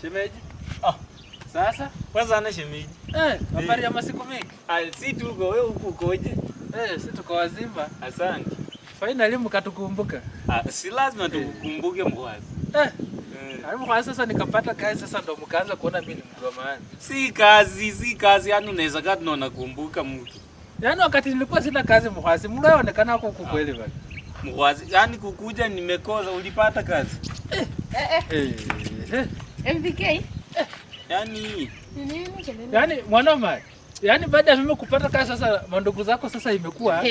Shemeji. Oh. Sasa kwanza ana shemeji. Eh, eh, habari ya masiku mengi. Ah, si tuko wewe huko ukoje? Eh, si tuko wazima. Asante. Finally mkatukumbuka. Ah, si lazima tukukumbuke mkwazi. Eh. Karibu kwa eh. Eh. sasa nikapata kazi sasa ndo mkaanza kuona mimi ni mtu wa maana. Si kazi, si kazi yani unaweza kaa tunaona kumbuka mtu. Yaani wakati nilikuwa sina kazi mkwasi, mlio onekana huko huko ah. kweli bali. Mkwasi, yani kukuja nimekoza ulipata kazi. Eh, eh. eh. eh. MVK? yani yaani, yaani mwanoma, yani baada ya mimi kupata kazi sasa, mandugu zako sasa imekuwa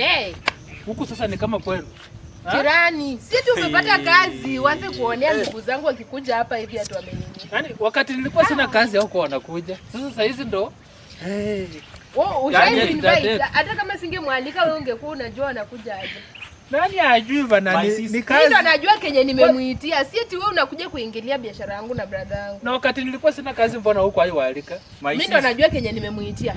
huku Sasa ni kama kwenu jirani, si tu umepata kazi, uanze kuonea ndugu zangu wakikuja hapa hivi atu amenini. Yani wakati nilikuwa sina ah. kazi huko wanakuja sasa, saa hizi ndo hey. Oh, hata kama singemwalika wewe ungekuwa unajua anakuja aje. Nani ajui bana ni ni kazi. Mimi anajua kenye nimemuitia. Si eti wewe unakuja kuingilia biashara yangu na brother yangu. Na wakati nilikuwa sina kazi mbona huko aliwaalika? Mimi ndo najua kenye nimemuitia.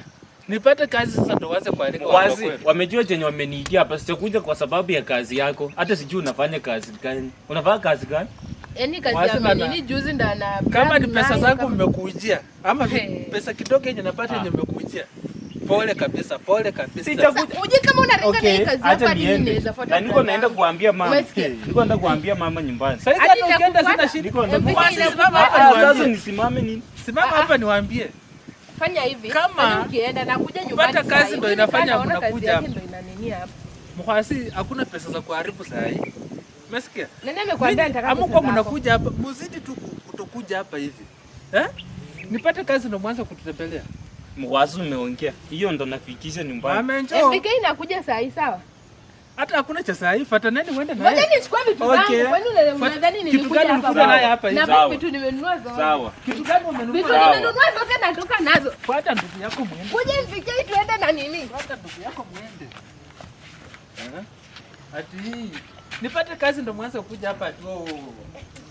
Nipate kazi sasa ndo waanze kualika Wazi, Wamejua jenye wameniitia hapa sitakuja kwa sababu ya kazi yako. Hata sijui unafanya kazi gani. Unafanya kazi gani? Yaani kazi ya mimi ni juzi ndo ana Kama ni pesa zangu mmekujia ama pesa kidogo yenye napata ah. yenye nimekujia. Pole kabisa, pole kabisa. kama Na niko naenda kuambia mama. Niko naenda kuambia mama nyumbani. Sasa hata ukienda sina shida. hapa Sasa nisimame nini? Simama ah, ah. hapa niwaambie. Fanya hivi. Kama ukienda na kuja nyumbani. Pata kazi ndio inafanya unakuja hapa. Mkwasi hakuna pesa za kuharibu saa hii. Umesikia? Nene amekwambia nitakapo? Amko mnakuja hapa. Muzidi tu kutokuja hapa hivi. Eh? Nipate kazi ndio mwanzo kututembelea mwazi umeongea, hiyo ndo nafikisha nyumbani. FK inakuja saa hii, sawa? Hata hakuna cha saa hii, fata nani uende naye. Ngoja nichukue vitu zangu. Kwani unadhani nilikuja hapa? Kitu gani umenunua naye hapa hivi? Na vitu nimenunua zote. Sawa. Kitu gani umenunua? Vitu nimenunua zote natoka nazo. Fata ndugu yako muende. Kuja nifikie tuende na nini? Fata ndugu yako muende. Eh? Ati nipate kazi ndo mwanzo kuja hapa tu.